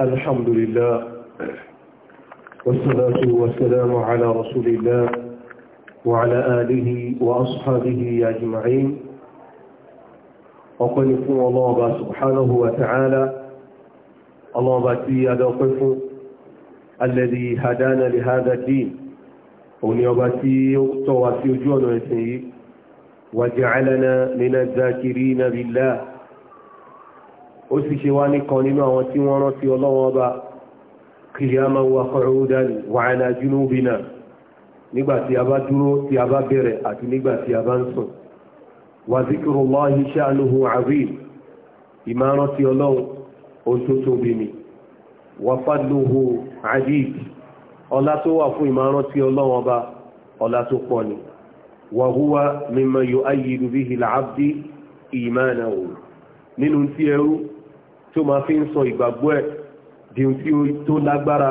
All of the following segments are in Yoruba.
الحمد لله والصلاة والسلام على رسول الله وعلى آله وأصحابه أجمعين وقل فún ọlọ́ọ̀bá subhanahu wa ta'ala ọlọ́ọ̀bá tí a dọ́pẹ́ fún alladhi hadana li hadha ad-din òní ọba tí ó tọ́ wa sí ojú ọ̀nà ẹ̀sìn yìí wa ja'alana min adh-dhakirina billah ó sì ṣe wá nìkan nínú àwọn tí wọ́n rántí ọlọ́wọ́n ọba kìyàmá wa qu'udan wa ala junubina nígbà tí a bá dúró tí a bá bẹ̀rẹ̀ àti nígbà tí a bá ń sùn wa zikrullahi sha'nuhu azim ìmáràn tí wà fún ìmáràn tí ọlọ́run ọba ọlá tó pọ̀ ni wa nínú tí ẹrú tó máa fi ń sọ ìgbàgbọ́ ẹ̀ di ohun tí ó lágbára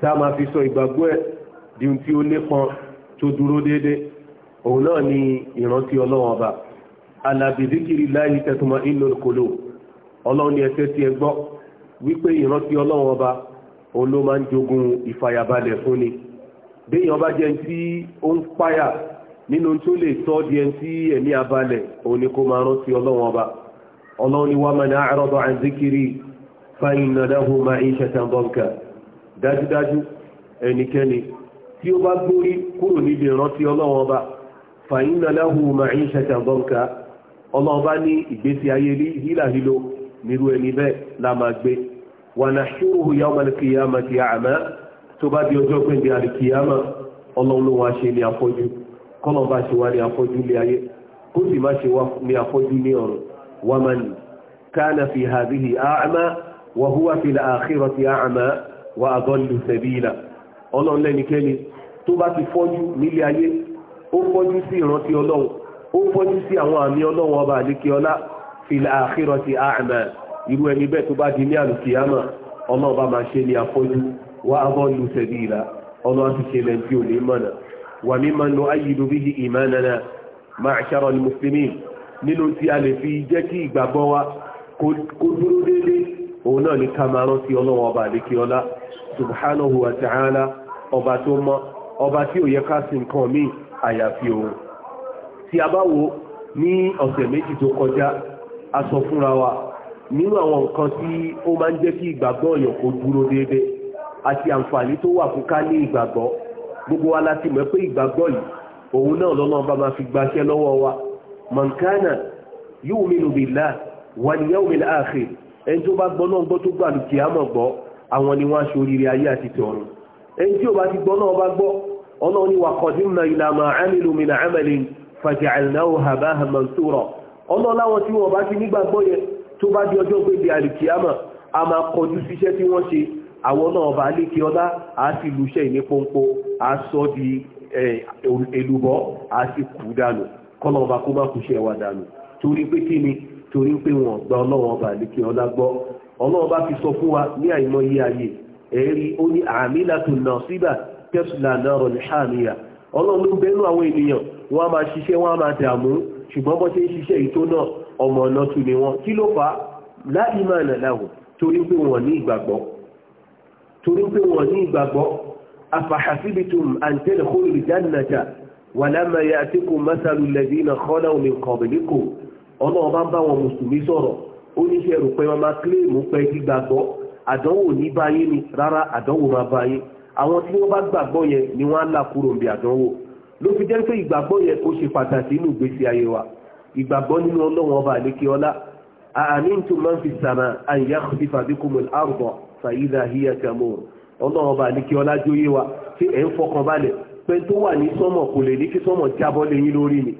tá a máa fi sọ ìgbàgbọ́ ẹ̀ di ohun tí ó lékan tó dúró déédéé òun náà ni ìrántí ọlọ́run ọba alàbìdíkiri láyé tẹtùmọ̀ ìlú kòló ọlọ́run ni ẹsẹ̀ tí ẹ gbọ́ wípé ìrántí ọlọ́run ọba òun ló máa ń jogun ìfàyàbalẹ̀ fún ni béèyàn bá jẹ́ tí ó ń páyà nínú tó lè tọ́ di ẹni tí ẹ̀mí abalẹ̀ òun ni kó máa rántí ọlọ́run ọba ọlọ́run ni wọ́n mẹ́ni a àzíkiri fáyínàdáhùn máa ń ṣẹta bọ́ǹkà dájúdájú ẹnikẹ́ni tí ó bá gbórí kúrò níbi ìrántí ọlọ́run ọba fáyínàdáhùn ń ṣẹta ọlọ́run ní ìgbésí ayé hílàhílo nírú ẹni bẹ́ẹ̀ la máa gbé ṣúrù ọlọ́run kọ́lọ̀ bá ṣe wá ní afọ́jú ní ayé kó sì má ṣe wá ومن كان في هذه أعمى وهو في الآخرة أعمى وأضل سبيلا ọlọ́run lẹ́nikẹ́ni tó bá ti fọ́jú nílé ayé ó fọ́jú sí ìrántí ọlọ́run ó fọ́jú sí àwọn àmì ọlọ́run ọba àdékè ọlá في الآخرة أعمى irú ẹni bẹ́ẹ̀ tó bá di ní àlùkìyàmà ọlọ́run bá máa ṣe ní afọ́jú وأضل سبيلا ọlọ́run ti ṣe lẹ́ńtí ò ní mọ̀nà وممن نؤيد به إيماننا معشر المسلمين nínú tí a lè fi jẹ́ kí ìgbàgbọ́ wa kó dúró déédéé òun náà ní kamaran ti ọlọ́wọ́ ọba àdékíọlá subhanahu wa ta'ala ọba tó mọ́ ọba tí ò yẹ ká sí nǹkan míì àyàfi òun tí a bá wo ní ọ̀sẹ̀ méjì tó kọjá a sọ fúnra wa nínú àwọn nǹkan tí ó máa ń jẹ́ kí ìgbàgbọ́ ọ̀yàn kó dúró déédéé àti àǹfààní tó wà fún ká ní ìgbàgbọ́ gbogbo wa láti mọ̀ pé ìgbàgbọ́ yìí òun náà lọ́nà bá máa fi gbaṣẹ́ lọ́wọ́ wa man kana yu'minu billahi wal yawmil akhir ẹni tó bá gbọ́ náà gbọ́ tó gbà lùkì àmọ̀ gbọ́ àwọn ni wọ́n aṣọ oríire ayé àti tọ̀run ẹni tí ò bá ti gbọ́ náà bá gbọ́ ọlọ́run ni wa qadimna ila ma amilu min amalin faja'alnahu haba'a mansura ọlọ́run láwọn tí wọ́n bá ti nígbàgbọ́ yẹn tó bá di ọjọ́ gbé di àlùkì kọ́lọ̀ ọba kó má kúṣẹ́ wa dànù torí pé kí ni torí pé wọn gba ọlọ́wọ́ ọba àlékè ọlá gbọ́ ọlọ́wọ́ bá fi sọ fún wa ní àìmọye ayé ẹ̀rí ó ní àmìlàtún náà síbà tẹ́sùlà náà ní hàmìyà ọlọ́run ló bẹ́nu àwọn ènìyàn wọ́n a máa ṣiṣẹ́ wọ́n a máa dààmú ṣùgbọ́n bọ́ ṣe ni wọ́n afahasibitum àǹtẹ̀lẹ̀ kó lè wàlámà yà tí kò mẹ́sàlù lẹ́bí iná kọ́lá omi kọ̀bìlíkò ọlọ́run bá ń bá wọn mùsùlùmí sọ̀rọ̀ ó ní ṣe rò pé mama kílèmù pé gbígbàgbọ́ àdánwò ní báyé ni rárá àdánwò máa báyé àwọn tí wọ́n bá gbàgbọ́ yẹn ni wọ́n á là kúrò ń àdánwò ló fi jẹ́ pé ìgbàgbọ́ yẹn ó ṣe pàtàkì nínú ìgbésí ayé wa ìgbàgbọ́ nínú ọlọ́run ọba àlékè ọlá pé tó wà ní sọ́mọ̀ kò lè ní kí sọ́mọ̀ jábọ́ lé yín lórí ni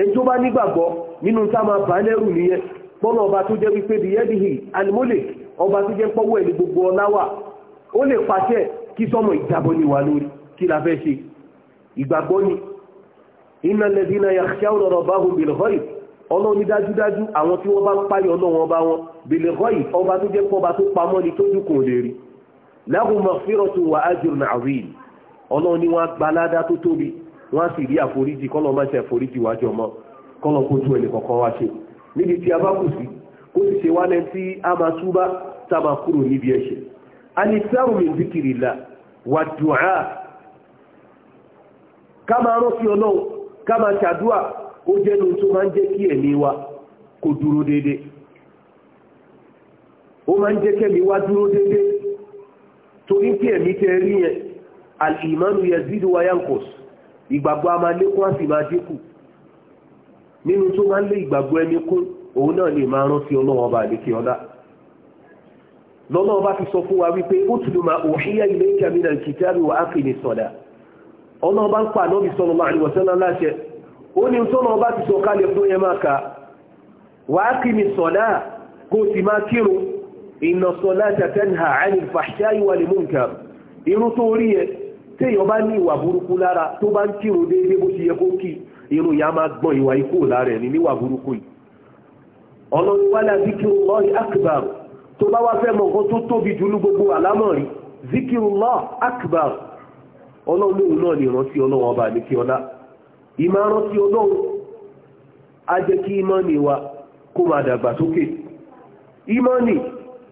ẹni tó bá nígbàgbọ́ nínú tá máa bá lẹ́rù nìyẹn bọ́nà ọba tó jẹ́ wípé bíyẹ́dìhì alimọ́lẹ̀ ọba tó jẹ́ pọ́wọ́ ẹ̀ ní gbogbo ọláwà ó lè pàṣẹ kí sọ́mọ̀ ìjábọ́ ni wà lórí kí la fẹ́ ṣe ìgbàgbọ́ ni iná lẹ́dínà yakhshawna rabbahum bil ghaib ọlọ́run ní dájúdájú àwọn tí wọ́n bá ń páyọ̀ ọlọ́run ọba wọn bil ghaib ọba tó jẹ́ pọ́ba tó pamọ́ ni tójú kò lè rí lahum wa ajrun azim ọlọ́run ni wọ́n gbalada tó tóbi wọ́n sì rí àforíjì kọ́lọ́ máa ṣe àforíjì wájú ọmọ kọ́lọ́ kó tún wá ṣe níbi tí a bá kù sí kó sì ṣe wálẹ̀ tí a máa túbá tá a máa kúrò níbi ẹ̀ṣẹ̀ alisaru min zikirillah wa wa torí pé ẹ̀mí tẹ rí yẹn yankos ìgbàgbọ́ a máa lékún àti máa dínkù nínú tó máa ń lé ìgbàgbọ́ ẹni kún òun náà lè máa rántí ọlọ́wọ́ bá àdékè ọlá lọ́nà ti sọ fún wa wípé ó tùdù máa òhìyà ilé wa áfìní sọ̀dà ọ̀nà ń pa ànábì sọ̀rọ̀ máa àríwọ̀ sẹ́lá láṣẹ ó ní tọ́nà ọba ti sọ fún yẹn máa inna salata tanha 'anil fahsha'i wal munkar irun tó Iru ẹ ori bá ní ìwà burúkú lára tó bá ń kírun déédéé bó ti yẹ kó kí irun yà máa gbọ́n ìwà ikú lára ẹni níwà burúkú yìí akbar gbogbo alamori. zikirullah akbar ọlọ́run náà ní ìrántí ọlọ́run ọba àdékí wa ni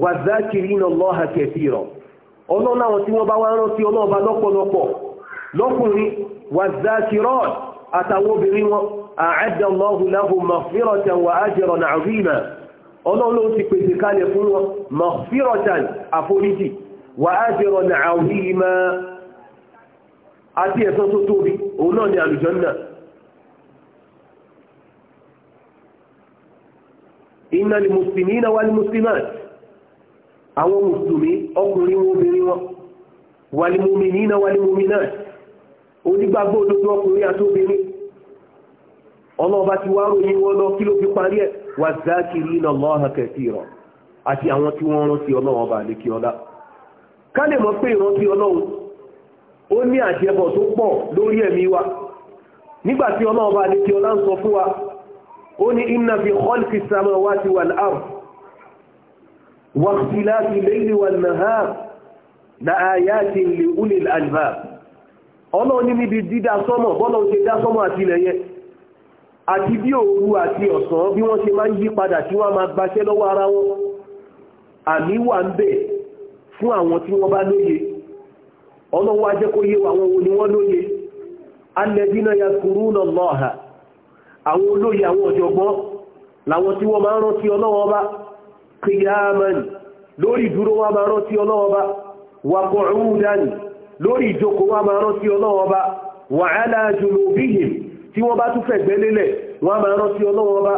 wàzákìrínà lọ́ha kẹfìrọ̀ ọlọ́nà àwọn tí wọ́n bá wá rántí ọlọ́ọ̀bá lọ́pọ̀lọpọ̀ lọ́kùnrin wàzákìrọ̀ àtàwọn obìnrin wọn àádà Allahu lahum maghfiratan wa ajran azima ọlọ́run ló ti pèsè kalẹ̀ fún wọn maghfiratan àwọn mùsùlùmí ọkùnrin wọn obìnrin wọn wàlímùmí nínà wàlímùmí náà onígbàgbọ́ òdodo ọkùnrin àti obìnrin ọlọ́ọ̀bá ti wá ròyìn wọn lọ kí ló fi parí ẹ̀ wà zákìrì iná lọ́ha rọ̀ àti àwọn tí wọ́n rántí ọlọ́run ọba ọlá ká lè pé ìrántí ọlọ́run ó ní àjẹbọ̀ tó pọ̀ o واختلاف الليل والنهار لآيات لأولي الألباب ọlọ́run ní níbi dídá sọ́mọ̀ bọ́lọ́run ṣe dá sọ́mọ̀ àti ilẹ̀ yẹn àti bí òru àti ọ̀sán bí wọ́n ṣe máa ń yí padà tí wọ́n máa gbaṣẹ́ lọ́wọ́ ara wọn àmì wà ń bẹ fún àwọn tí wọ́n bá lóye ọlọ́run á kó yé àwọn wo ni wọ́n lóye alladhina yadhkuruna Allaha àwọn olóye àwọn ọ̀jọ̀gbọ́n làwọn tí wọ́n máa ń rántí ọlọ́run ọba qiyaman lórí ìdúró wa máa rántí ọlọ́wọ́ bá wa qu'udan lórí ìjókòó wa máa rántí ọlọ́wọ́ bá wa ala junubihim tí wọ́n bá tún fẹ̀gbẹ́ lélẹ̀ wọ́n máa rántí ọlọ́wọ́ bá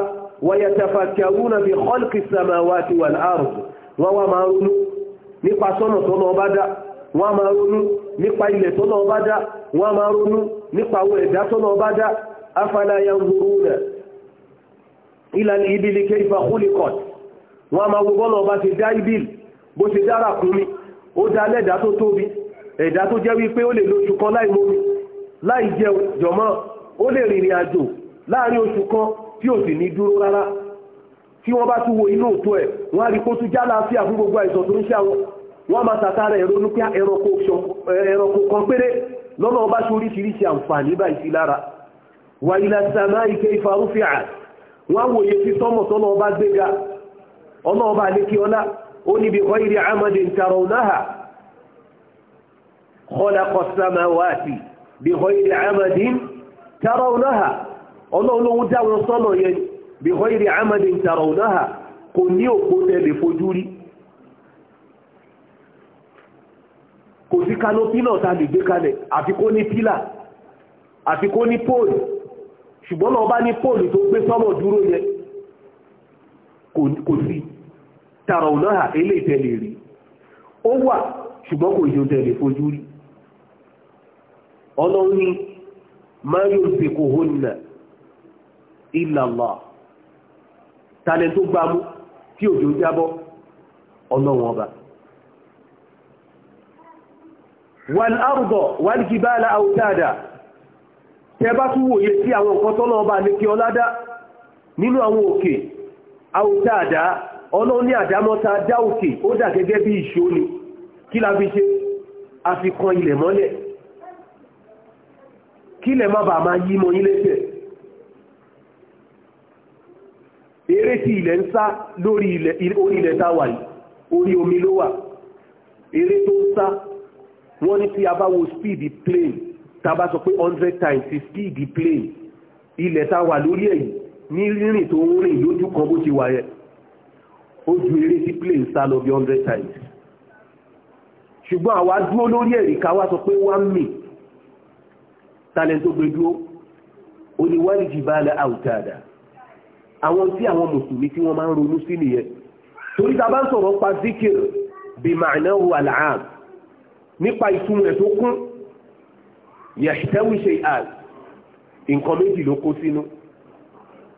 wa yatafakkaruna bi khalqi samawati wal ard wọ́n wá máa ronú nípa sọ́nà tọ́nà ọba dá wọ́n máa ronú nípa ilẹ̀ tọ́nà ọba dá wọ́n máa ronú nípa àwọn ẹ̀dá tọ́nà ọba dá afala yanzuruna ila al-ibili kayfa khuliqat wọ́n a máa wo bọ́lọ̀ ọba ṣe dá ibil bó ṣe dára kún mi ó dá lẹ́dàá tó tóbi ẹ̀dá tó jẹ́ wípé ó lè lóṣù kan láì mómi láì jẹun jọ̀mọ́ ó lè rìnrìn àjò láàrin oṣù kan tí ò sì ní dúró rárá tí wọ́n bá tún wo inú òtó ẹ̀ wọ́n á rí kó já láàfíà fún gbogbo àìsàn tó ń ṣe àwọn wọ́n máa tàtàrà ẹ̀rọ ní pé ẹranko kan péré lọ́nà ọba ṣe oríṣiríṣi àǹfààní báyìí sí lára wà ilà sàmá ike ìfarúfìà wọ́n á wòye sí sọ́mọ̀ sọ́nà ọba gbéga ọlọ́ọ̀bá alékí ọlá ó níbi ghairi amadin tarawnaha khalaqa samawati bi ghairi amadin tarawnaha ọlọ́ọ̀lọ́wọ́ dáwọn sọ́nà yẹn bi ghairi amadin tarawnaha kò ní òpó tẹ́lẹ̀ fojú rí kò sí kanopi náà ta lè gbé kalẹ̀ àfi kó ní pílà àfi ní póòlù ṣùgbọ́n náà ní póòlù tó gbé sọ́mọ̀ dúró yẹn kò sí tààrà ọ̀nà hà ilé ìtẹ́lẹ̀ rí ó wà ṣùgbọ́n kò jò tẹ̀lẹ̀ fojú rí ọlọ́run máa yóò fi kò hó nà ìlàlá tàlẹ̀ tó òjò jábọ́ ọlọ́run ọba wal ardo wal jibala awtada tẹ bá tún wòye sí àwọn nǹkan tọ́lọ́ ọba ní kí ọlá dá ọlọ́run ní àdámọ́ta dá òkè ó dà gẹ́gẹ́ bí ìṣó ni kí la fi ṣe a fi kan ilẹ̀ mọ́lẹ̀ kí ilẹ̀ má bàa máa yí mọ́ yín lẹ́sẹ̀ eré tí ilẹ̀ ń sá lórí ilẹ̀ tá orí omi ló wà eré tó ń sá wọ́n ní tí a bá wo speed plane tá bá sọ pé hundred times ti speed plane ilẹ̀ tá wà lórí ẹ̀yìn ní rírìn tó ń rìn lójú kan bó ti wà yẹn ó ju eré tí play ń sá lọ bí hundred times ṣùgbọ́n àwa dúró lórí ẹ̀rí ká wá sọ pé one mi talent tó gbé dúró ó ní wáyé jìbálà àwùjáàdà àwọn tí àwọn mùsùlùmí tí wọ́n máa ń ronú sí nìyẹn torí ta bá ń sọ̀rọ̀ pa zikir bí ma'nahu al'am nípa ìtumọ̀ ẹ̀ tó kún yahtawi shay'an nǹkan méjì ló kó sínú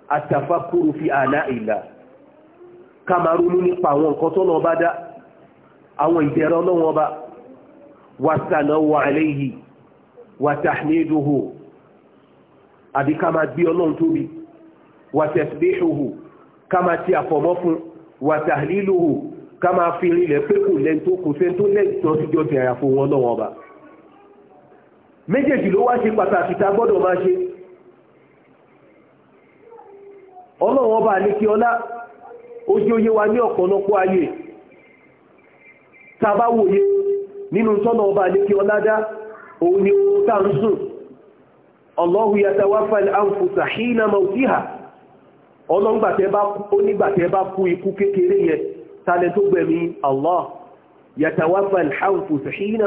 atafakuru fi àlá ìlà ká máa ronú nípa àwọn nǹkan tó náà bá dá àwọn ìdẹ̀rọ lọ́wọ́ bá wàtànáwò àléyìí wàtàhínídòhò àbí ká máa gbé ọlọ́run tóbi wàtẹ̀síbíhòhò ká máa ti àfọ̀mọ́ fún wàtàhílòhò ká máa fi rinlẹ̀ pé kò lẹ́ni tó kò sẹ́ni tó lẹ́yìn tó ti jọ ti àyàfo wọn lọ́wọ́ bá méjèèjì ló wá ṣe pàtàkì tá gbọ́dọ̀ máa ṣe ọlọ́run ọba àlékí ọlá ó onye òye wa ní ọ̀pọ̀lọpọ̀ ayé tá a bá wòye nínú tọ́nà ọba àdékí ọládá òun ni ó tá ń sùn Allahu yatawaffa al-anfusa hina mawtiha onígbàtẹ́ bá kú ikú kékeré yẹn tàlẹ̀ tó gbẹ̀mí Allah yatawaffa al-anfusa hina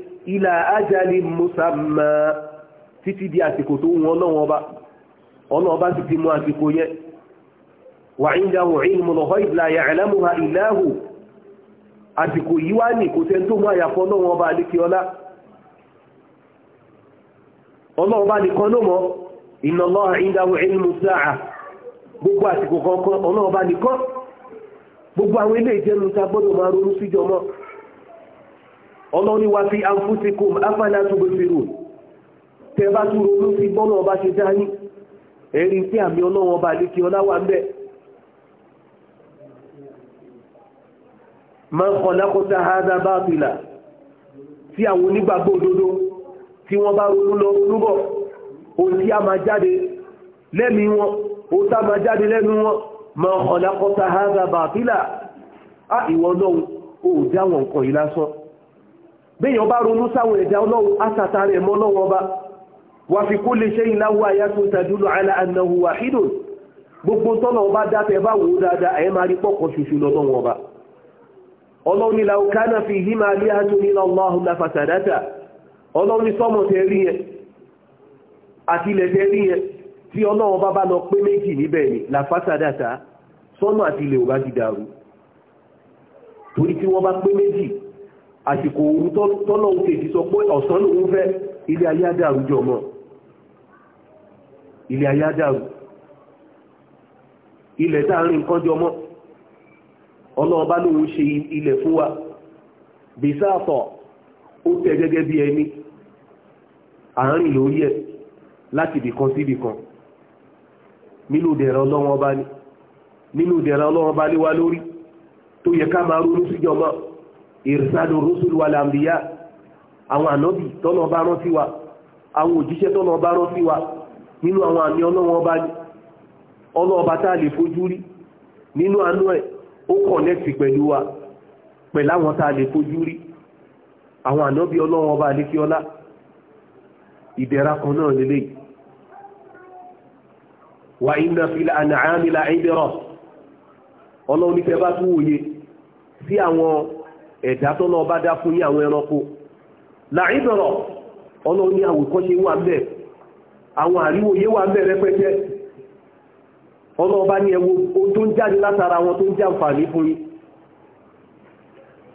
ilà Musa ma títí di àsìkò tó wọn ọlọ́wọ́n titi ọlọ́wọ́n ti mú àsìkò yẹn wà ìdáhùn ìlmù lọ́kọ́ ìlà ya'lamuha ìlàhù àsìkò yìí wá ní kò tẹ́ mú àyàfọ́ ọlọ́wọ́n ọba ọlá gbogbo àsìkò gbogbo àwọn ilé ta gbọ́dọ̀ máa ronú ọlọ́ni wá fi anfusikum afala tubsirun tẹ bá tún ronú sí bọ́nà ọba ṣe dání ẹ̀rí tí àmì ọlọ́wọ́ ọba àdíkì ọláwà ń bẹ̀ ma ń kọ̀ lákọ́ta hádá bá pìlà tí àwọn onígbàgbọ́ òdodo tí wọ́n bá ronú lọ rúbọ̀ ohun a máa jáde lẹ́mí wọn ohun máa jáde lẹ́nu wọn ma ń kọ̀ lákọ́ta hádá bá pìlà á ìwọ náà ò dá nǹkan yìí lásán béèyàn bá ronú sáwọn ẹ̀dá ọlọ́run asàtàrẹ mọ́ lọ́wọ́ ọba wà fi kulli shay'in lahu ayatun tadullu ala annahu wahidun gbogbo tọ́nà ọba dáfẹ́ bá wò dáadáa ẹ̀ máa rí pọ́kọ̀ ṣoṣo lọ́wọ́ ọba ọlọ́run ni law kana fihima alihatun illa Allahu la fasadata ọlọ́run sọ́mọ̀ tẹ́ rí yẹn àti ilẹ̀ tẹ́ rí yẹn tí ọlọ́run ọba bá lọ pé méjì níbẹ̀ ni la fasadata sọ́nà àti ilẹ̀ ò bá ti dàrú torí tí wọ́n bá pé méjì àsìkò òru tọ́lọ́ ń kejì sọ pé ọ̀sán lòun fẹ́ ilé ayé àdàrú jọ mọ́ ilé ayé àdàrú ilẹ̀ tá a rìn nǹkan jọ mọ́ ọlọ́run bá lóun ṣe ilẹ̀ fún wa bisáàtọ̀ ó tẹ gẹ́gẹ́ bí ẹni àárín lórí ẹ̀ láti ibìkan sí ibìkan nínú nínú ìdẹ̀ra ọlọ́run ọba lé wa lórí tó yẹ ká máa ronú síjọ mọ́ ìrìsàlù rúṣùlù wà àwọn ànọ́bì tọ́nà bá rán wa àwọn òjíṣẹ́ tọ́nà bá rán wa nínú àwọn àmì ọba ní ọlọ́ọba tá a lè fojú rí nínú àánú ẹ̀ ó kọ̀nẹ́tì pẹ̀lú wa pẹ̀lú àwọn tá a lè fojú rí àwọn kan náà ẹ̀dá tó náà bá dá fún ní àwọn ẹranko làìdọ̀rọ̀ ọlọ́run ní àwòkọ́ṣe wà ń bẹ̀ àwọn àríwòye wà ń bẹ̀ rẹpẹtẹ ọlọ́run bá ní ẹwo tó ń jáde látara wọn tó ń jàǹfààní fún yín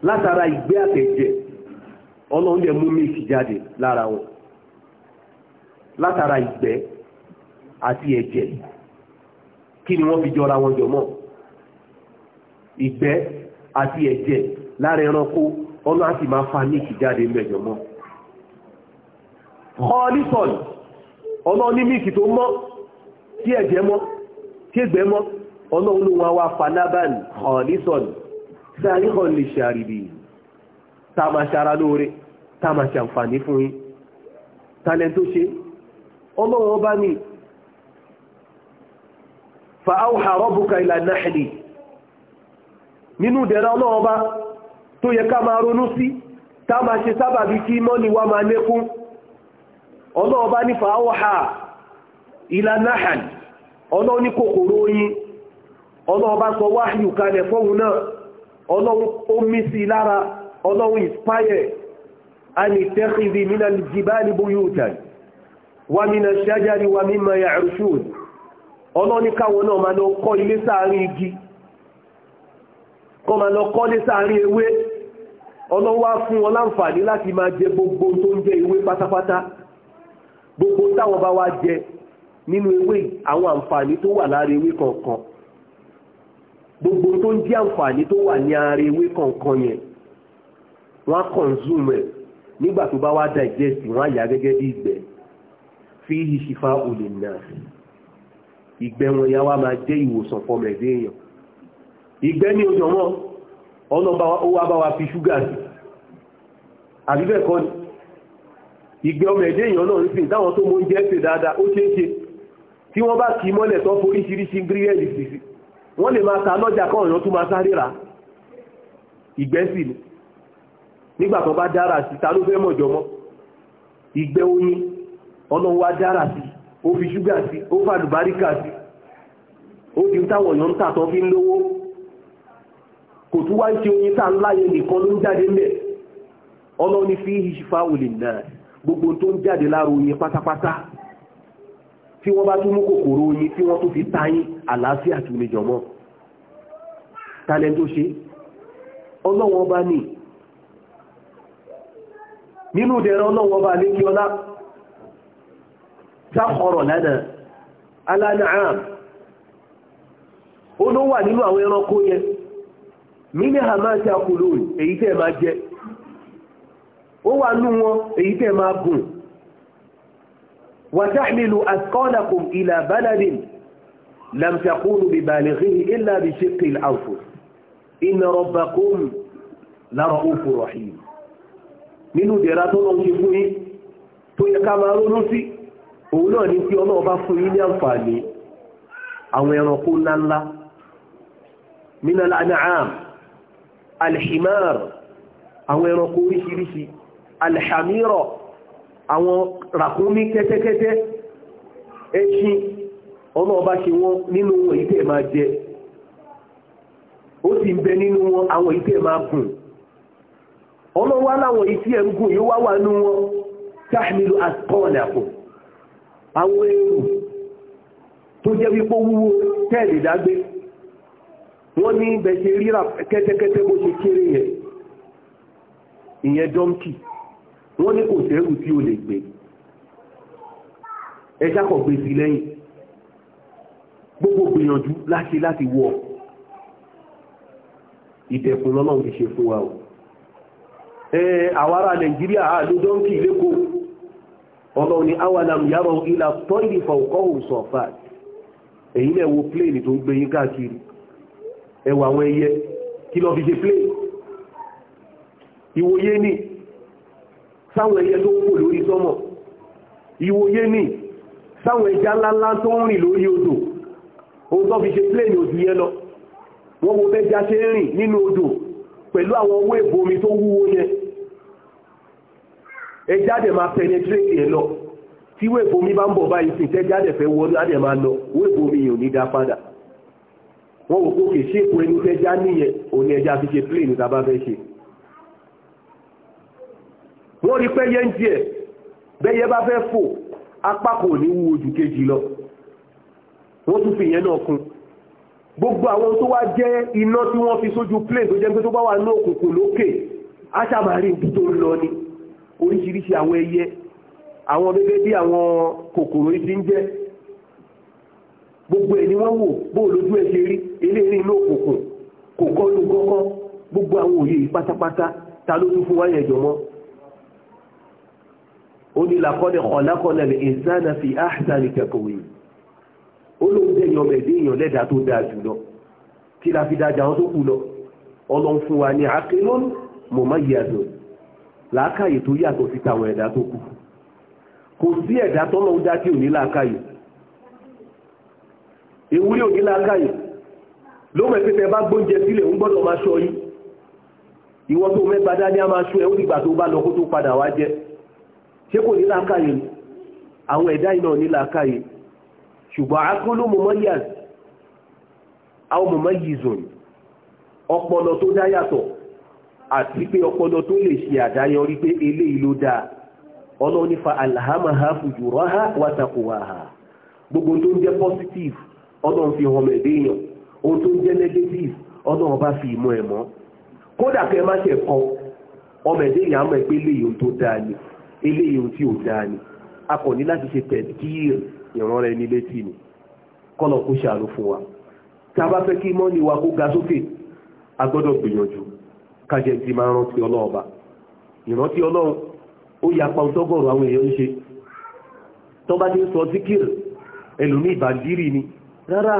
látara ìgbé àtẹ̀jẹ̀ ọlọ́run lè mú méjì jáde lára wọn látara ìgbẹ́ àti ẹ̀jẹ̀ kí ni wọ́n fi jọra wọn jọ mọ́ ìgbẹ́ àti ẹ̀jẹ̀ lára ẹranko ọ̀nà á sì máa fa níkì jáde mẹ́jọ mọ́ kọ́ọ́lítọ̀n ọ̀nà onímíkì tó mọ́ tí ẹ̀jẹ̀ mọ́ tí ẹgbẹ́ mọ́ ọ̀nà olóhun wa fanaban kọ́ọ́lítọ̀n sáré kan lè ṣàrìbì a máa ní fa áwùhà tó yẹ ká máa ronú sí tá máa ṣe sábàbí kí mọ́ni wa máa lékún ọlọ́run bá ní fàáwọ̀hà ìlànà hàn ọlọ́run ní kòkòrò oyin ọlọ́run bá sọ wáhíù kalẹ̀ fóun náà ọlọ́run ó mí sí i lára ọlọ́run ìspáyẹ̀ anìtẹ́kìrì mínà jìbáàlì buyutan wà mínà ṣájári wà mímọ̀ ya'rushun ọlọ́run ní káwọn náà máa lọ kọ́ ilé sáàrin igi kọ́ máa lọ kọ́ ilé sáàrin ewé ọlọ́wọ́ fún wọn láǹfààní láti máa jẹ gbogbo tó ń jẹ ewé pátápátá gbogbo táwọn bá wá jẹ nínú ewé àwọn àǹfààní tó wà lára ewé kọ̀ọ̀kan gbogbo tó ń jẹ́ àǹfààní tó wà ní ara ewé kọ̀ọ̀kan yẹn wọ́n á consume ẹ̀ nígbà tó bá wá digest wọ́n á yà bí ìgbẹ́ fi ìṣìfà olè náà ìgbẹ́ wọn yá wá máa jẹ́ ìwòsàn fọmọ ẹ̀dẹ́ èèyàn ìgbẹ́ ní ojọ́ wọn ọ̀nà ó wá wa fi ṣúgà sí àbíbẹ̀kọ́ ni ìgbẹ́ ọmọ ẹ̀dẹ́ èèyàn náà nífẹ̀ẹ́ táwọn tó mọ oúnjẹ ṣe dáadáa ó ṣeé ṣe tí wọ́n bá kì í mọ́lẹ̀ tán foríṣiríṣi gírígẹ́lì sí sí wọ́n lè máa ta lọ́jà kan tó máa sáré ra ìgbẹ́ sì ni nígbà tó bá dára sí ta ló fẹ́ mọ̀jọ mọ́ ìgbẹ́ oyin ọ̀nà wa dára sí ó fi ṣúgà sí ó fàdùbáríkà sí ó di táwọn èèyàn ń tà tán fi ń lówó kò tún wáyé ṣe oyin tá láyé nìkan ló ń jáde mẹ́ ọlọ́ni fi gbogbo tó ń jáde lára oyin pátápátá tí wọ́n bá tún mú kòkòrò oyin tí wọ́n tún fi táyín àlàáfíà tún lè jọmọ́ tó ṣe ọlọ́wọ́n bá nínú ọlọ́wọ́n bá kí ọlá lánàá alánàá nínú mínà máa ṣe akúlò èyí tẹ́ máa jẹ ó wà nú wọn èyí tẹ́ máa gùn wàtá ìlú asqalakum ila baladin lam takunu bibalighihi illa bi shiqqil anfus inna rabbakum la ra'ufur rahim nínú ìdẹ̀ra tó lọ ṣe fún yín tó yẹ ká máa ronú sí òun náà ní tí ọlọ́ọ̀bá fún yín ní àǹfààní àwọn ẹranko ńláńlá minal an'am alhimar àwọn ẹranko oríṣiríṣi alhamira àwọn ràkúnmí kẹ́tẹ́kẹ́tẹ́ ẹṣin ọmọ ọba ṣe wọ́n nínú wọn ìtẹ́ ma jẹ ó sì ń bẹ nínú wọn àwọn ìtẹ́ ma gùn ọmọ wá láwọn ìtí ẹ̀ ń gùn yóò wá wà nú wọn tó jẹ́ wọ́n ní bẹ̀ṣẹ̀ ríra kẹ́tẹ́kẹ́tẹ́ bó ṣe kéré yẹn ìyẹn dọ́mkì wọ́n ní kò sẹ́rù tí o lè gbé ẹ ṣàkọ̀ gbé sí lẹ́yìn gbogbo gbìyànjú láti láti wọ ìdẹ̀kùn lọ́nà ti ṣe fún wa o àwárá nàìjíríà àlú dọ́mkì lẹ́kọ̀ọ́ ọlọ́run ni awalam yàrá ilà tọ́ìlì fọ̀ọ̀kọ́ òun sọ̀fà èyí náà pléènì tó gbé yín káàkiri ẹwà àwọn ẹyẹ kí lọ fi ṣe play ìwòye ní sáwọn ẹyẹ tó kò lórí sọ́mọ̀ ìwòye ní sáwọn ẹja ńláńlá tó ń rìn lórí odò ohun tó fi ṣe play ní òdù yẹn lọ wọ́n wo bẹ́ já ṣe rìn nínú odò pẹ̀lú àwọn owó ìbomi tó wúwo yẹn ẹja dẹ̀ máa penetrate yẹn lọ tí wọ́n ìbomi bá ń bọ̀ báyìí sí tẹ́jáde fẹ́ wọ́n á dẹ̀ máa lọ wọ́n ìbomi yìí ò ní dá padà wọ́n wò kókè ṣépò ẹni fẹ́ já níyẹn òní ẹja fi ṣe plane tàbá fẹ́ ṣe wọ́n rí pẹ́yẹ ń jẹ́ bẹ́yẹ bá fẹ́ fò apá kò ní wú ojú kejì lọ wọ́n tún fi ìyẹn náà kún gbogbo àwọn tó wá jẹ́ iná tí wọ́n fi sójú plane tó jẹ́ pé tó bá wà ní òkùnkùn lókè aṣàmàrí ibi tó lọ ni oríṣiríṣi àwọn ẹyẹ àwọn bébé bí àwọn kòkòrò ibi ń jẹ́ gbogbo ẹ̀ ni wọ́n wò bó lójú ẹ̀ ṣe rí eléyìí inú òkùnkùn kò kọ́ ló kọ́kọ́ gbogbo àwọn òye yìí pátápátá ta ló tún fún wáyẹ̀ jọ mọ́ ó ní làkọ́lẹ̀ khalaqna al-insana fi ahsani taqwim ó lóun jẹ́ yan ọmọ ẹ̀dẹ́ èèyàn lẹ́dàá tó dáa jù lọ kí la fi dájà wọn tó kù lọ ọlọ́run fún wa ní aqilun mumayyazun làákàyè tó yàtọ̀ sí tàwọn ẹ̀dá tó kù kò sí ẹ̀dá tọ́lọ́run ewúrẹ́ òní lákàyè ló mẹ́ pípẹ́ bá gbóúnjẹ sílẹ̀ ń gbọ́dọ̀ máa ṣọ yí ìwọ́n tó mẹ́ta dání a máa ṣọ ẹ̀ ó dìgbà tó bá lọ kó tó padà wá jẹ ṣé kò ní lákàyè àwọn ẹ̀dá iná ní lákàyè ṣùgbọ́n akọ́lù mọ̀mọ́ yìí zòn ọpọlọ tó dá yàtọ̀ àti pé ọpọlọ tó lè ṣe àdáyọrí pé eléyìí ló dáa ọlọ́run nífa alhamaha fujuraha wa gbogbo tó ń jẹ́ positive ọlọ́run fi hàn mẹ́ẹ̀dé èèyàn ohun tó ń jẹ́ negative ọlọ́run bá fi ìmọ̀ ẹ̀ mọ́ kódà kẹ́ má ṣe kọ́ ọmọ ẹ̀dẹ́ èèyàn mọ̀ pé eléyìí ohun tó dáa ni eléyìí ohun tí ò dáa ni a kò ní láti ṣe tẹ̀síìr ìran rẹ ní létí ni kọ́nà kó ṣàánú fún wa tá a bá fẹ́ kí mọ́ni wa kó ga sókè a gbọ́dọ̀ gbìyànjú kájẹ́ ti máa rántí ọlọ́run bá ìrántí ọlọ́run ó yapa ọtọ́gọ̀rọ̀ àwọn èèyàn ń ṣe tọ́ba ti ń sọ zikir ẹlòmíì bàndírì ni rárá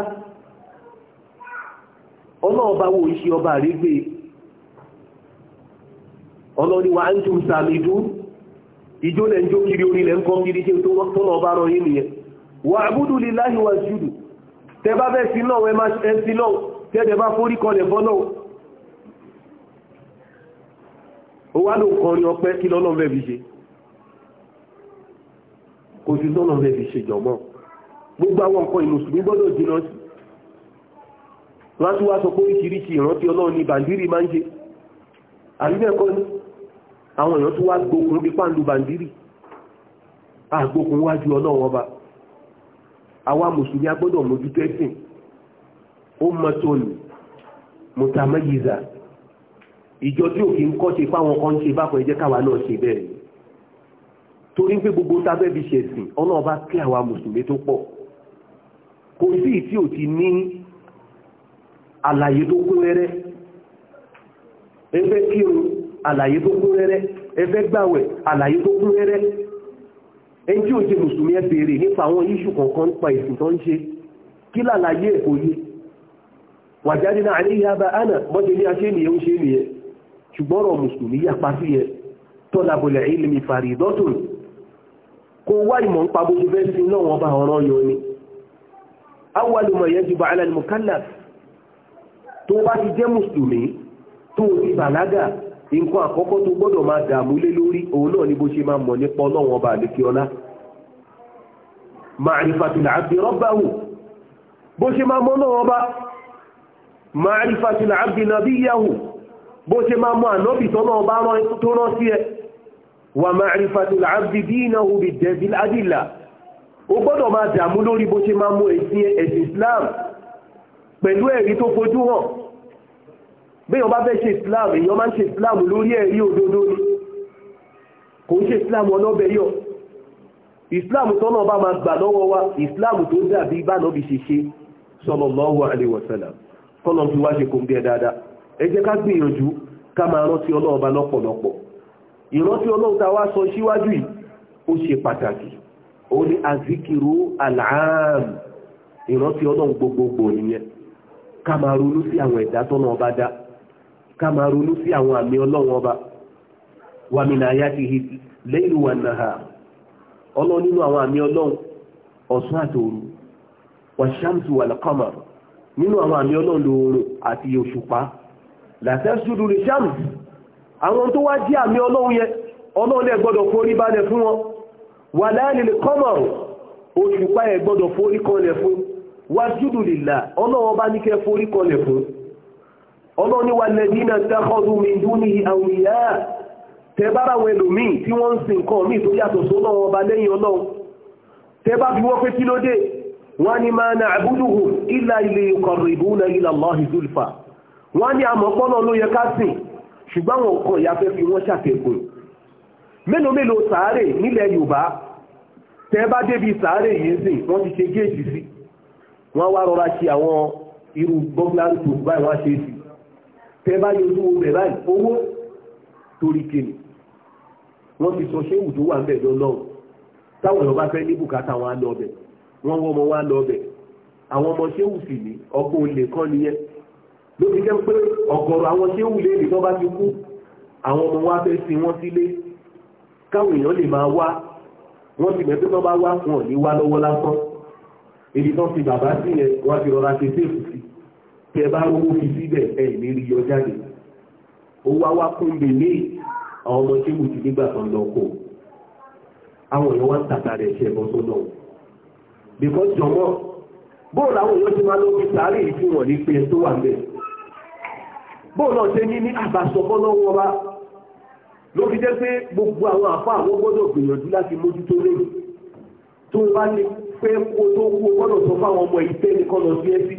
ọlọ́ọ̀bá wo ṣe ọba àrígbé ọlọ́ni wa ń tún sàmìdú ìjó lẹ́ ń jó kiri orílẹ̀ ń kọ́ kiri ṣe tó tọ́nà ọba rọ yìí nìyẹn wà ábúdù lè láyé wà jùdù tẹ bá bẹ́ sí náà ẹ sí náà tẹ́ẹ̀dẹ̀ bá forí kọlẹ̀ fọ́ náà ó wá ló kọrin ọpẹ́ kí lọ́nà bẹ́ẹ̀ fi ṣe kò sí lọ́nà bẹ́ẹ̀ fi ṣe jọ̀mọ́ gbogbo àwọn nǹkan ìmùsùlùmí gbọ́dọ̀ jìnnà sí wọ́n tún wá sọ pé oríṣiríṣi ìrántí ọlọ́run ní bàndírì máa ń ṣe àríbẹ̀kọ́ ni àwọn èèyàn tún wá gbókun bí pàǹdù bàndírì àgbókun wájú ọlọ́run ọba àwa mùsùlùmí agbọ́dọ̀ mójútó ẹ̀sìn ó mọ tóní ìjọ tí òkè ń kọ́ ṣe fáwọn kan ṣe gbogbo tábẹ́bí ṣẹ̀sìn ọlọ́run bá kí àwa mùsùlùmí kò sí tí ò ti ní àlàyé tó kún rẹ́rẹ́ ẹfẹ́ kírun àlàyé tó kún rẹ́rẹ́ ẹfẹ́ gbàwẹ̀ àlàyé tó kún rẹ́rẹ́ ẹni tí ò ṣe mùsùlùmí ẹ béèrè nípa àwọn iṣu kọ̀ọ̀kan nípa ìsìn tó ń ṣe kí làlàyé ẹ̀kọ́ yìí wàjáde náà àrí ìyába ánà mọ́jẹ́ ní aṣẹ́ nìyẹn ń ṣe nìyẹn ṣùgbọ́n ọ̀rọ̀ mùsùlùmí yapa sí yẹn tọ́lábọ̀lẹ̀ ilmi fàrídọ́tùn kó wá ìmọ̀ ń pa bó ṣe fẹ́ sí náà wọ́n bá ọ̀rọ̀ yọ ni awwalu ma yajibu ala al-mukallaf tó bá ti jẹ́ mùsùlùmí tó ti bàlágà nǹkan àkọ́kọ́ tó gbọ́dọ̀ máa dààmú lé lórí òun náà ni bó ṣe máa mọ̀ nípa ọlọ́run ọba àdékè ọlá ma'rifatul abdi rabbahu bó ṣe máa mọ̀ ọlọ́run ọba ma'rifatul abdi bó ṣe máa mọ̀ ànábì tọ́nà ọba tó rán sí ẹ wà ma'rifatul abdi dinahu bid o gbọ́dọ̀ máa dààmú lórí bó ṣe máa mú ẹ̀sìn ẹ̀sìn Islam pẹ̀lú ẹ̀rí tó fojú hàn béèyàn bá fẹ́ ṣe Islam èèyàn máa ń ṣe Islam lórí ẹ̀rí òdodo ni kò ń ṣe Islam ọlọ́bẹ̀ yọ Islam tọ́nà bá máa gbà lọ́wọ́ wa Islam tó dàbí ìbánàbí ṣe ṣe sallallahu alaihi wasallam kọ́nà fi wá ṣe kò ń gẹ dáadáa ẹ jẹ́ ká gbìyànjú ká máa rántí ọlọ́ọ̀ba lọ́pọ̀lọpọ̀ ìrántí ọlọ́ọ̀ta wá sọ síwájú yìí ó ṣe pàtàkì ó ní azikiru al'am ìrántí ọlọ́run gbogbogbò nìyẹn ká máa ronú sí àwọn ẹ̀dá tọ́nà ọba dá ká máa ronú sí àwọn àmì ọlọ́run ọba wàmìnà ayáti lẹ́yìn wà náà ọlọ́run nínú àwọn àmì ọlọ́run ọ̀sán àtòru wàṣàmùsù wà lọ́kọ̀mọ̀ nínú àwọn àmì ọlọ́run lóòrùn àti òṣùpá làtẹ́sùdù rìṣàmùsù àwọn tó wá jẹ́ àmì ọlọ́run yẹn ọlọ́run lẹ́ forí wà láàrin kọ́mọ̀rù òṣùpá ẹ̀ gbọ́dọ̀ forí kọlẹ̀ fún wájúdù lìlà ọlọ́wọ́ bá ní kẹ́ forí kọlẹ̀ fún ọlọ́ni wà lẹ́dínà dákọ́dù mi dúní àwùyá tẹ́bára wọn ẹlòmíì tí wọ́n ń sin nǹkan míì tó yàtọ̀ sọ́lọ́wọ́ bá lẹ́yìn ọlọ́run tẹ́bá fi wọ́n pé kí ló dé wọ́n ní máa na àbúdùhù yẹ ká sìn ṣùgbọ́n àwọn nǹkan ìyá fi wọ́n ṣàtẹ̀gùn mélòó sàárè nílẹ̀ yorùbá tẹ́ bá débi sàárè yìí sí wọ́n ti ṣe géèjì sí wọ́n wá rọra ṣe àwọn irú bọ́gláàrí tó báyìí wọ́n ṣe sí tẹ́ bá yọjú obẹ̀ báyìí owó torí kìnnì wọ́n ti sọ ṣéwù tó wà ń bẹ̀ lọ́lọ́run táwọn èèyàn bá fẹ́ ní bùkátà wọn á lọ bẹ̀ wọ́n wọ́n ọmọ wa lọ bẹ̀ àwọn ọmọ ṣéwù sì ní ọgbọ́n olè kọ́ nìyẹn ló fi jẹ́ pé ọ̀gọ̀rọ̀ àwọn ṣéwù lè rí tó bá ti kú àwọn ọmọ wa fẹ́ sin wọ́n sílé káwọn èèyàn lè máa wá wọ́n ti mẹ́tọ́ tó bá wá fún ọ̀ ní wá lọ́wọ́ lásán èyí tó fi bàbá sí yẹn wọ́n ti rọra ṣe séèfù sí tí ẹ bá rówó fi síbẹ̀ ẹ̀ ní rí yọ jáde ó wá wá kún bèlè àwọn ọmọ tí mo ti nígbà kan lọ kó àwọn èèyàn wá ń tàkà rẹ̀ ṣe ẹ̀bọ tó náà because jọmọ́ bóò làwọn èèyàn ti máa lóbi sàárè ìfihàn ní pé tó wà bẹ́ẹ̀ bóò náà ṣe ní ní àbàṣọ bọ́ lọ́wọ́ wa ló fi jẹ́ pé gbogbo àwọn àfa àwọn gbọ́dọ̀ gbìyànjú láti mójútó lẹ́yìn tó wá ní pé kó tó kú gbọ́dọ̀ sọ fáwọn ọmọ ìtẹ́ nìkan lọ sí ẹbí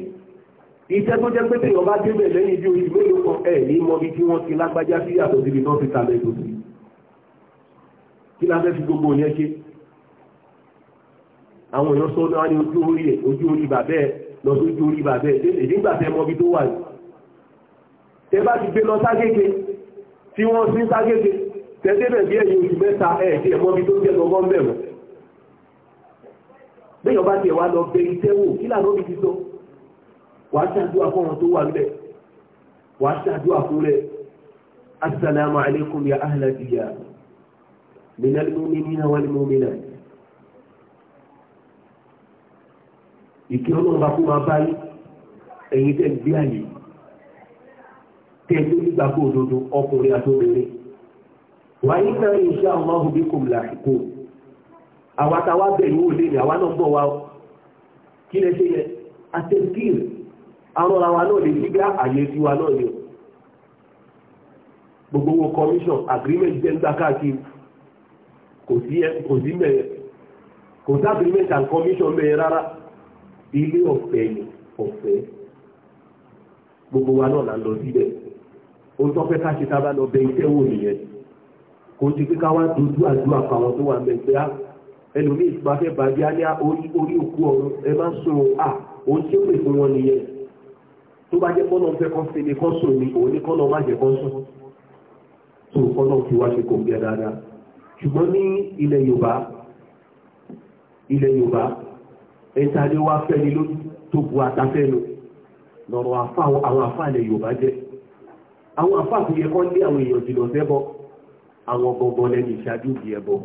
iṣẹ́ tó jẹ́ pé tèèyàn bá débẹ̀ lẹ́yìn bí oṣù mélòó kan ẹ̀ ní mọ bí tí wọ́n ti lágbájá sí yàtọ̀ síbi náà fi kalẹ̀ ìdòdì kí la fẹ́ fi gbogbo yẹn ṣe àwọn èèyàn sọ náà ní ojú orí ẹ̀ ojú orí bàbẹ́ ẹ̀ lọ sí ojú orí bàbẹ́ ẹ̀ lè nígbà tẹ́ mọ bí tó wà yìí tẹ́ bá ti gbé lọ ságége tí wọ́n sí ságége tẹ́tẹ́bẹ̀ bí ẹ̀yìn oṣù mẹ́ta ẹ̀ẹ́dì ẹ̀mọ́ bí tó jẹ́ lọ́gọ́ mẹ́rọ bẹ́yọ̀ bá tiẹ̀ wá lọ bẹ iṣẹ́ wò kí lànà òbí ti sọ wàá ṣàdúrà fún wọn tó wà níbẹ̀ wàá ṣàdúrà fún rẹ̀ assalamu alaikum ya ahla diya minal mu'minina wal mu'minat ìkí ọlọ́run bá kó máa bá yí ẹ̀yin tẹ́ gbé àyè tẹ́ tó nígbàgbọ́ òdodo ọkùnrin àtobìnrin wà ní sẹ́rẹ̀ iṣẹ́ àwọn ọmọ bí kò làṣìkò àwa tá a wá bẹ̀rù òde ni àwa náà bọ̀ wá kí lẹ ṣe yẹ àtẹ̀kìrì àwọn ara wa náà lè gbígbá àyè tiwa náà ni gbogbo wọn commission agreement jẹ́ ń gbá káàkiri kò sí mẹ́rẹ̀ kò sí agreement and commission mẹ́rẹ̀ rárá ilé ọ̀fẹ́ ni ọ̀fẹ́ gbogbo wa náà là ń lọ síbẹ̀ ó tọ́ fẹ́ ká ṣe tá lọ bẹ iṣẹ́ wò nìyẹn kò ju kíká wá dojú àdúrà fáwọn tó wà mẹ́gbẹ́ á ah, ẹlòmí ìtura fẹ́ bàbí á ní ah, orí òkú ọ̀run ẹ má sùn à òun ah, tí ó pè fún wọn nìyẹn tó bá jẹ́ kọ́nà fẹ́ kọ́ sí ni kọ́ sùn ni òun ní kọ́nà má jẹ́ kọ́ sùn tó kọ́nà fi wá ṣe kò ń gẹ dáadáa ṣùgbọ́n ní ilẹ̀ Yorùbá ilẹ̀ Yorùbá ẹ̀ntàdé wá fẹ́ ni ló tó bu àtàfẹ́ lò lọ́rọ̀ àwọn àfáà ilẹ̀ Yorùbá jẹ́ àwọn àfáà tó yẹ kọ́ àwọn èèyàn jùlọ fẹ́ bọ́ àwọn gbọ̀ngbọ̀n lẹ́nu ìṣáájú ìdí ẹbọ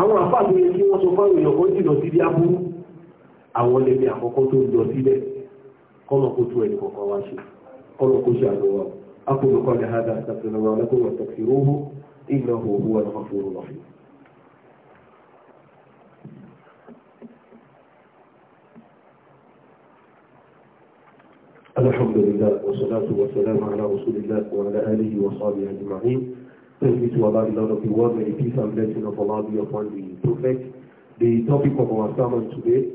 àwọn àfáàtò yẹ kí wọ́n sọ fáwọn èèyàn kan jìnà sí bí aburú àwọn lẹ́ni àkọ́kọ́ tó ń lọ sílẹ̀ kọ́lọ̀ kó tó ẹnì kọ̀ọ̀kan wá ṣe kọ́lọ̀ kó ṣe àlọ́ wa أقول قولي هذا أستغفر الله لكم واستغفروه إنه هو الحمد لله والصلاة والسلام على رسول الله وعلى آله وصحبه أجمعين Thank you to Allah, the Lord of the world. May the peace and blessing of Allah be upon the Prophet. The topic of our sermon today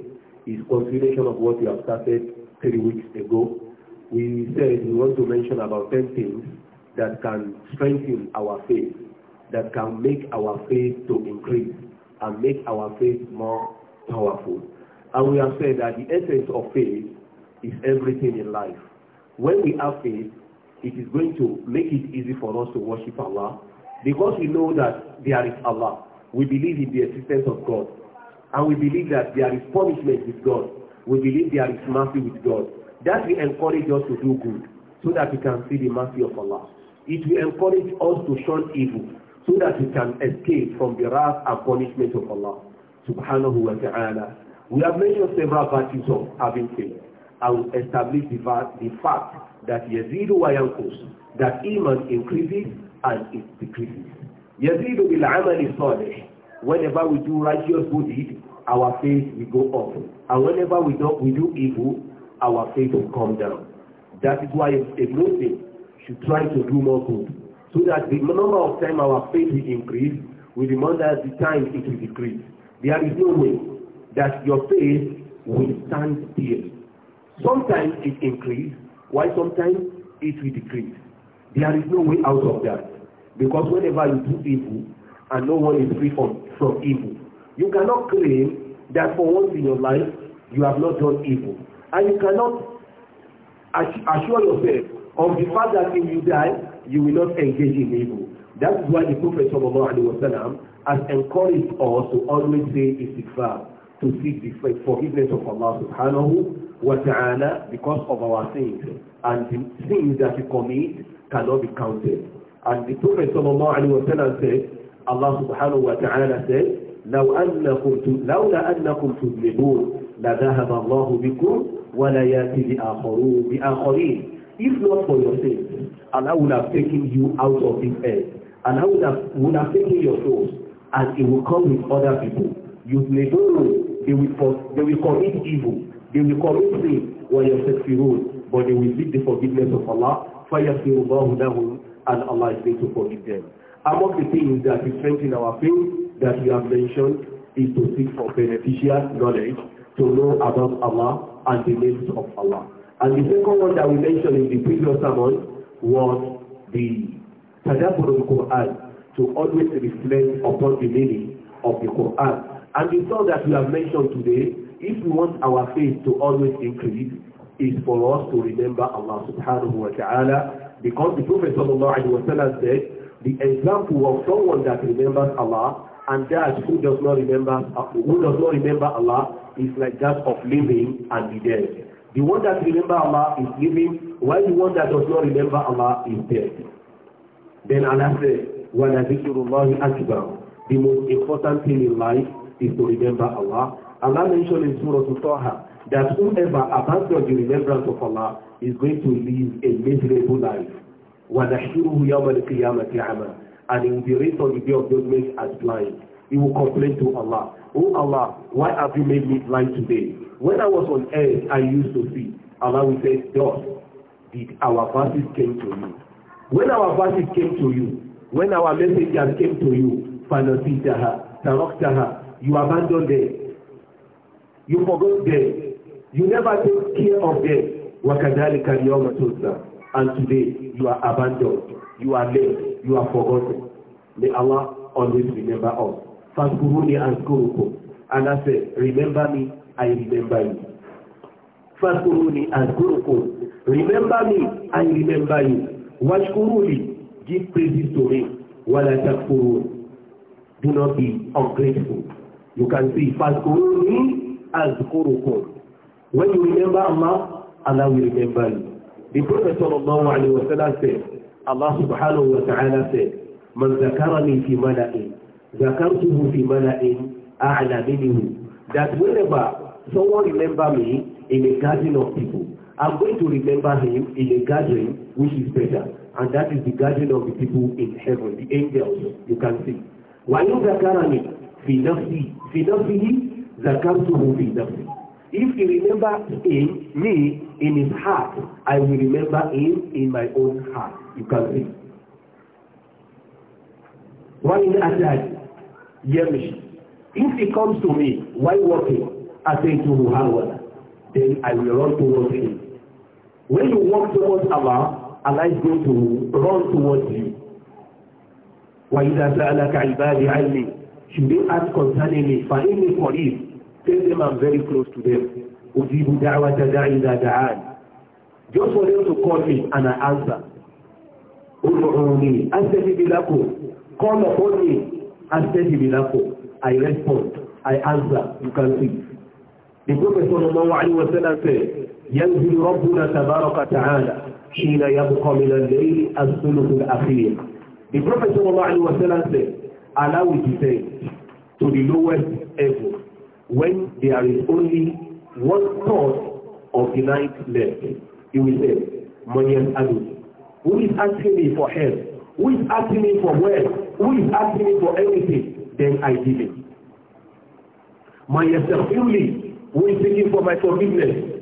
is continuation of what we have started three weeks ago. We said we want to mention about 10 things that can strengthen our faith, that can make our faith to increase and make our faith more powerful. And we have said that the essence of faith is everything in life. When we have faith, it is going to make it easy for us to worship Allah Because we know that there is Allah. We believe in the existence of God. And we believe that there is punishment with God. We believe there is mercy with God. That will encourage us to do good so that we can see the mercy of Allah. It will encourage us to shun evil so that we can escape from the wrath and punishment of Allah. Subhanahu wa ta'ala. We have mentioned several virtues of having faith. I will establish the, fact that Yazidu wa Yankus, that Iman increases and it decreases. Yazidu bil amali salih. Whenever we do righteous good deed, our faith will go up. And whenever we do, we do evil, our faith will come down. That is why a Muslim should try to do more good. So that the number of time our faith will increase, will demand that the time it will decrease. There is no way that your faith will stand still. Sometimes it increases, while sometimes it will decrease. There is no way out of that. Because whenever you do evil, and no one is free from, from evil, you cannot claim that for once in your life, you have not done evil. And you cannot assure yourself of the fact that if you die, you will not engage in evil. That is why the Prophet sallallahu alaihi wasallam has encouraged us to always say istighfar, to seek the forgiveness of Allah subhanahu wa ta'ala because of our sins. And the sins that we commit cannot be counted. And the Prophet sallallahu alayhi wa sallam said, Allah subhanahu wa ta'ala لو أنكم لولا أنكم تذنبون لذهب الله بكم ولا يأتي بآخرون بآخرين If not for your sins, Allah would have taken you out of this earth. Allah would have, would have taken your souls and it will come with other people. you Yuzlebun, they will, they will commit evil, they will commit sin, وَيَسْتَغْفِرُونَ But they will seek the forgiveness of Allah. فَيَغْفِرُ اللَّهُ لَهُمْ and Allah is going to forgive them. Among the things that we strengthen our faith that we have mentioned is to seek for beneficial knowledge, to know about Allah and the names of Allah. And the second one that we mentioned in the previous sermon was the Tadabbur al-Quran, to always reflect upon the meaning of the Quran. And the thought that we have mentioned today, if we want our faith to always increase, is for us to remember Allah subhanahu wa ta'ala Because the Prophet ﷺ said, the example of someone that remembers Allah and that who does not remember who does not remember Allah is like that of living and the dead. The one that remember Allah is living, while the one that does not remember Allah is dead. Then Allah said, وَلَذِكْرُ اللَّهِ أَكْبَرُ The most important thing in life is to remember Allah. Allah mentioned in Surah Al-Taha that whoever abandons the remembrance of Allah is going to live a miserable life. وَنَحْشُرُهُ يَوْمَ الْقِيَامَةِ عَمًى And he will be raised on the day of judgment as blind. He will complain to Allah, Oh Allah, why have you made me blind today? When I was on earth, I used to see. Allah will say, thus did our verses came to you. When our verses came to you, when our messengers came to you, فَنَسِيتَهَا تَرَكْتَهَا You abandoned them. You forgot them. You never take care of them. وَكَذَلِكَ الْيَوْمَ تُزْدَى And today, you are abandoned, you are left, you are forgotten. May Allah always remember us. فَاذْكُرُونِي and I said, remember me, I remember you. فَاذْكُرُونِي أَذْكُرُكُمْ Remember me, I remember you. وَاشْكُرُونِي Give praises to me. wala تَكْفُرُونِ Do not be ungrateful. You can see, فَاذْكُرُونِي أَذْكُرُكُمْ When you remember Allah, Allah will remember you. The Prophet sallallahu alayhi wa sallam said, Allah subhanahu wa ta'ala said, من ذكرني في ملأ ذكرته في ملأ أعلى منه. That whenever someone remember me in a garden of people, I'm going to remember him in a gathering which is better. And that is the gathering of the people in heaven, the angels, you can see. وَإِنْ ذَكَرَنِي في نفسي في نفسه ذكرته في نفسي If you remember him, me, in his heart, I will remember him in my own heart. You can see. Why in Adad? Yemish. If he comes to me while walking, I say to Muhammad, then I will run towards him. When you walk towards Allah, Allah is going to run towards you. وَإِذَا سَأَلَكَ عِبَادِ عَلِّي Should they ask concerning me, فَإِنِّي قَرِيبٌ Tell them I'm very close to them. Ujibu da'wata da'i ila da'an. Just for them to call me and I answer. Ud'uni astajibu lakum. Call upon me astajibu lakum. I respond. I answer. You can see. The Prophet صلى الله عليه وسلم said, ينزل ربنا تبارك تعالى حين يبقى من الليل الثلث الأخير. The Prophet صلى الله عليه وسلم said, Allah will descend to the lowest heaven when there is only one thought of the night left, he will say, Monyan Adu, who is asking me for help? Who is asking me for wealth? Who is asking me for anything? Then I give it. Monyan family, who is seeking for my forgiveness?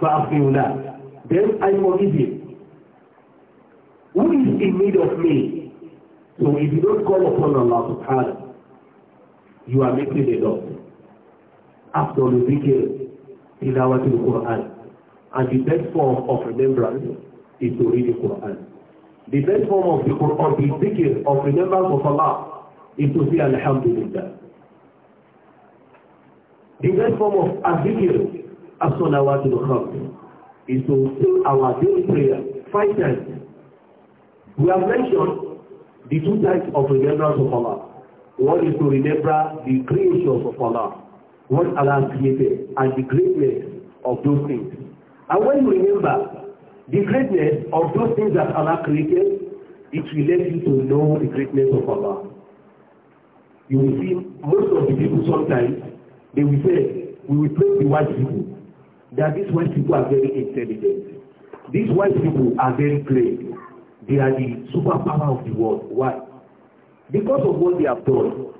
Fa'afiullah. Then I forgive him. Who is in need of me? So if you don't call upon Allah subhanahu, you are making a loss afdol dhikr tilawati al-Quran. And the best form of remembrance is to read the Quran. The best form of the Quran, the dhikr of remembrance of Allah is to say Alhamdulillah. The best form of al-dhikr, as-salawat al-khams, is to say our daily prayer five times. We have mentioned the two types of remembrance of Allah. One is to remember the creation of Allah what Allah created and the greatness of those things. And when you remember the greatness of those things that Allah created, it will let you to know the greatness of Allah. You will see most of the people sometimes, they will say, we will praise the white people, that these white people are very intelligent. These white people are very great. They are the superpower of the world. Why? Because of what they have done.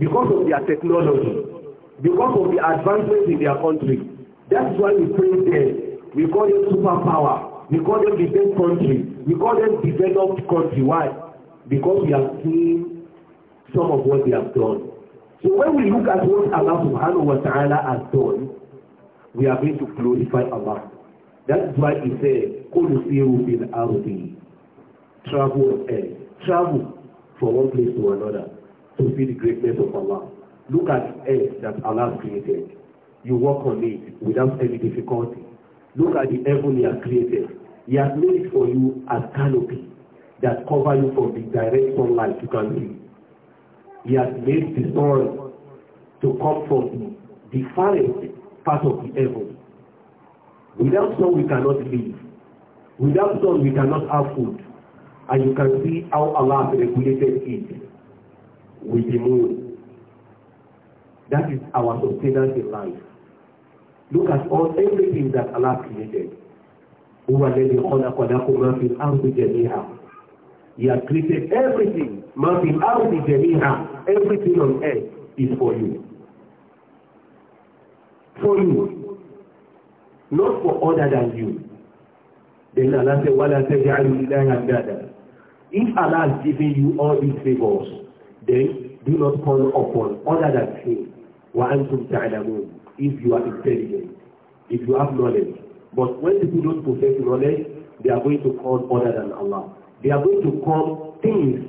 Because of their technology because of the advancements in their country. That's why we pray them. We call them superpower. We call them the best country. We call them developed country. Why? Because we have seen some of what they have done. So when we look at what Allah subhanahu wa ta'ala has done, we are going to glorify Allah. That's why he said, Qul siru fil ardi. Travel eh? Travel from one place to another to see the greatness of Allah. Look at the earth that Allah has created. You walk on it without any difficulty. Look at the heaven He has created. He has made it for you as canopy that cover you from the direct sunlight you can see. He has made the sun to come from the, the farthest part of the heaven. Without sun, we cannot live. Without sun, we cannot have food. And you can see how Allah has regulated it with the moon That is our sustenance in life. Look at all everything that Allah created. هو الذي خلق لكم ما في الأرض جميعا. He has created everything. ما في الأرض جميعا. Everything on earth is for you. For you. Not for other than you. Then Allah said, وَلَا تَجْعَلُوا إِلَهَا أَنْدَادًا If Allah has given you all these favors, then do not call upon other than Him wa antum ta'lamun if you are intelligent if you have knowledge but when people don't possess knowledge they are going to call other than Allah they are going to call things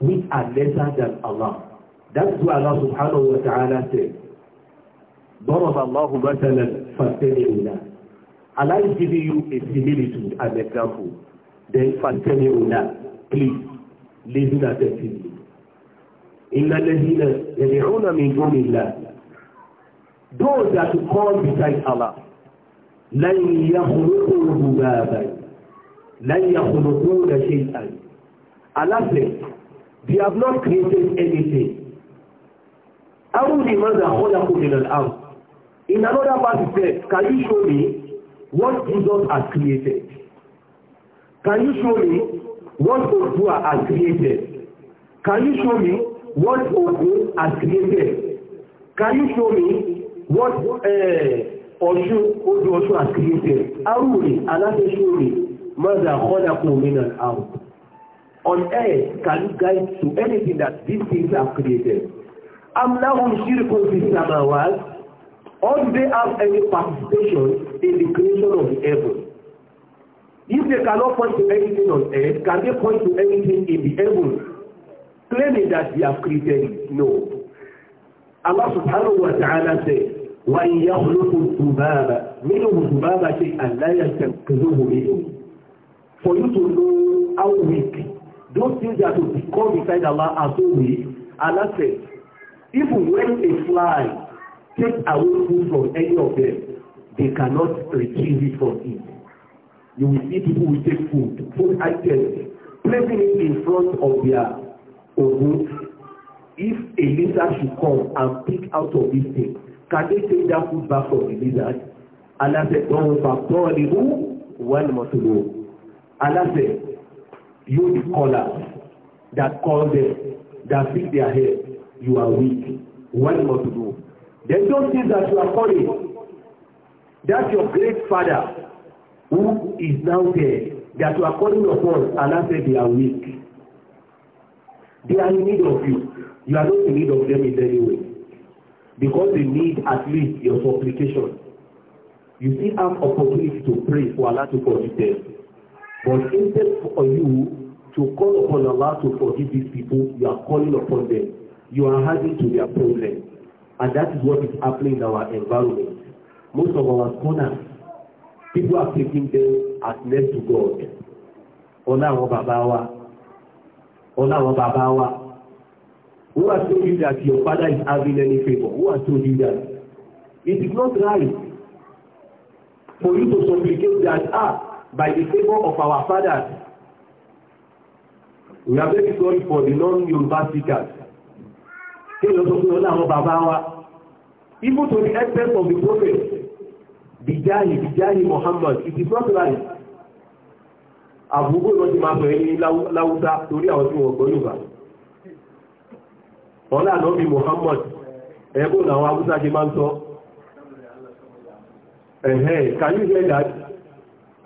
which are lesser than Allah that's why Allah subhanahu wa ta'ala said ضرب الله مثلا فاستمعوا له Allah is giving you a similitude an example then fatemiola please listen attentively إلا الذين يدعون من دون الله those that call beside Allah لن يخلقوا ذبابا لن يخلقون شيئا Allah says they have not created anything أو لماذا خلقوا من الأرض in another verse it says can you show me what Jesus has created can you show me what Oduwa has created can you show me what Osun has created. Can you show me what eh, Ọ̀ṣun odò Ọ̀ṣun has created? Arúre, aláṣẹ́ṣúre, mother, honor, women, out. On earth, can you guide to anything that these things have created? I'm now on fi samawat? Or do they have any participation in the creation of the heaven? If they cannot point to anything on earth, can they point to anything in the heaven? claiming that they have created it. No. Allah subhanahu wa ta'ala says, وَإِنْ يَخْلُقُ الذُّبَابَ مِنْهُ الذُّبَابَ شَيْئًا لَا يَسْتَنْقِذُهُ مِنْهُ For you to know how weak those things that will become beside Allah are so weak, Allah says, even when a fly takes away food from any of them, they cannot retrieve it from it. You will see people will take food, food items, placing it in front of their Ogun, if a lizard should come and pick out of this thing, can they take that food back from the lizard? Allah said, Don't factor the who? One must know. Allah said, You the callers that call them, that fix their hair, you are weak. One must know. Then don't think that you are calling. That's your great father who is now there that you are calling upon. Allah said, They are weak. They are in need of you. You are not in need of them in any way. Because they need at least your supplication. You still have opportunity to pray for Allah to forgive them. But instead for you to call upon Allah to forgive these people, you are calling upon them. You are adding to their problem. And that is what is happening in our environment. Most of our corners, people are taking them as next to God. Ọlá àwọn bàbá wa ọláwọ̀ bàbá wa who has told you that your father is having any favour who has told you that it is not right for you to supplicate that ah by the favour of our fathers we are very sorry for the non-Yoruba speakers kéèyàn sọ pé ọláwọ̀ bàbá wa even to the extent of the prophet bijahi bijahi Muhammad it is not right àbúgbò náà ti máa bẹ̀rẹ̀ ní láwúsá torí àwọn tí wọ́n gbọ́ Yorùbá ọ̀là ànábì Muhammad ẹ̀gbọ́n àwọn Haúsá ṣe máa ń sọ ẹ̀hẹ́ kàyíṣẹ́ ìdájí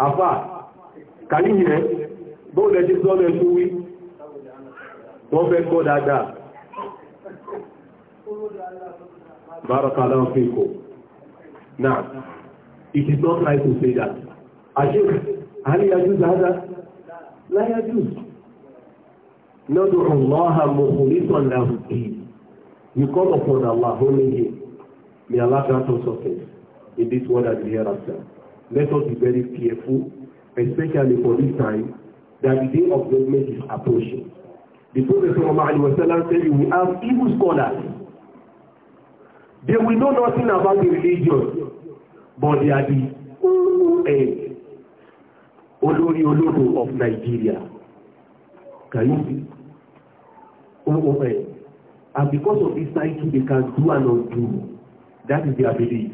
àfà kàyíṣẹ́ bóòlẹ̀ ti sọ́nà ẹ̀ṣú wí wọ́n fẹ́ kọ́ dáadáa barakallahu fikum náà it is not right to say that àṣírí àríyájú dáadáa láyájú lọ́dọ̀ ọ̀lọ́ha mọ̀kùnrin láhù èyí you call upon Allah only him may Allah grant us success in this world and the hereafter let us be very careful especially for this time that the day of judgment is approaching the prophet sallallahu alaihi wasallam said you will have evil scholars they will know nothing about the religion but they are the end olórí olódo of Nigeria kàyífi ọmọ ẹ and because of this title they can do and not do. that is their belief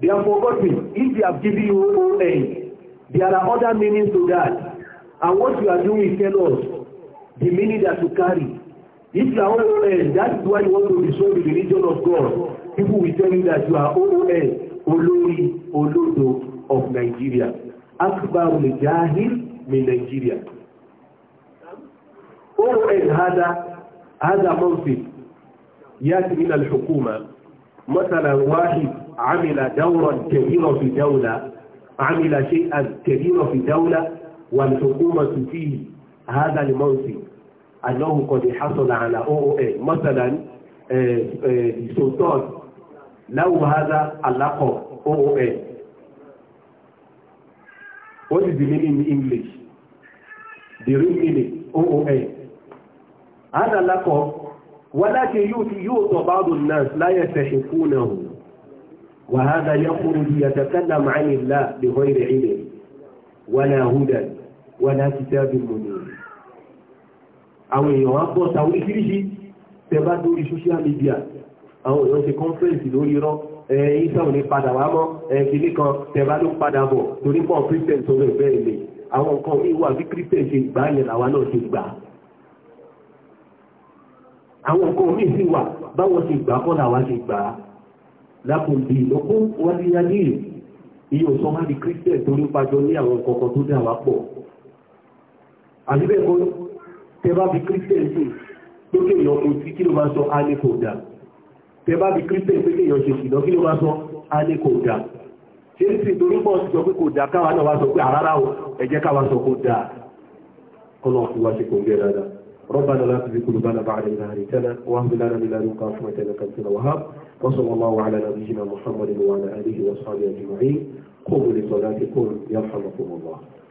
they are forgotten if they have given you oa oh, eh, there are other meanings to that and what you are doing is tell us the meaning that you carry if you are oa oh, eh, that is why you want to destroy the religion of God people will tell you that you are oa oh, eh, olórí olódo of Nigeria akbar mujahid min Nigeria ON هذا هذا منصب ياتي من الحكومة مثلا واحد عمل دورا كبيرا في دولة عمل شيئا كبيرا في دولة والحكومة فيه هذا المنصب أنه قد حصل على OON مثلا سلطان له هذا اللقب OON What is the meaning in English? The real meaning, OON. هذا لقب ولكن يؤتي يؤتى بعض الناس لا يستحقونه وهذا يخرج يتكلم عن الله بغير علم ولا هدى ولا كتاب منير àwọn èèyàn á bọ́ sàwọn oríṣiríṣi tẹ bá lórí social media àwọn èèyàn ṣe conference lórí rọ́pù ìsá ò ní padà wá mọ́ kìíní kan tẹ̀bá ló padà bọ̀ torí pọ̀ christian tó rẹ̀ bẹ́ẹ̀ lè àwọn nǹkan ìwà bí christian ṣe gbà yẹn làwa náà ṣe gbà àwọn nǹkan míì sì wà báwọn ṣe gbà kọ́ làwa ṣe gbà lápò bí ìlọ́kún wáyé yálé iye òsán wá di christian torí pàjọ ní àwọn kọ̀ọ̀kan tó dà wá pọ̀ àbíbẹ̀kọ́ tẹ́bá bí christian sì lókè ìyọkùn tí kí ló máa sọ á ní kò dáa tẹ bá bí christian pé kéèyàn ṣe ìdán kí ló máa sọ á ní kò dáa ṣe ń sìn torí pọ̀ sọ pé kò dáa káwa náà wá sọ pé àrárá o ẹ jẹ́ sọ kò dáa kọ́nà ọ̀fun wá ṣe kò gẹ́ dáadáa ربنا لا تزغ قلوبنا بعد إذ هديتنا لنا من لدنك رحمة إنك أنت الله على نبينا محمد وعلى آله وصحبه أجمعين قوموا يرحمكم الله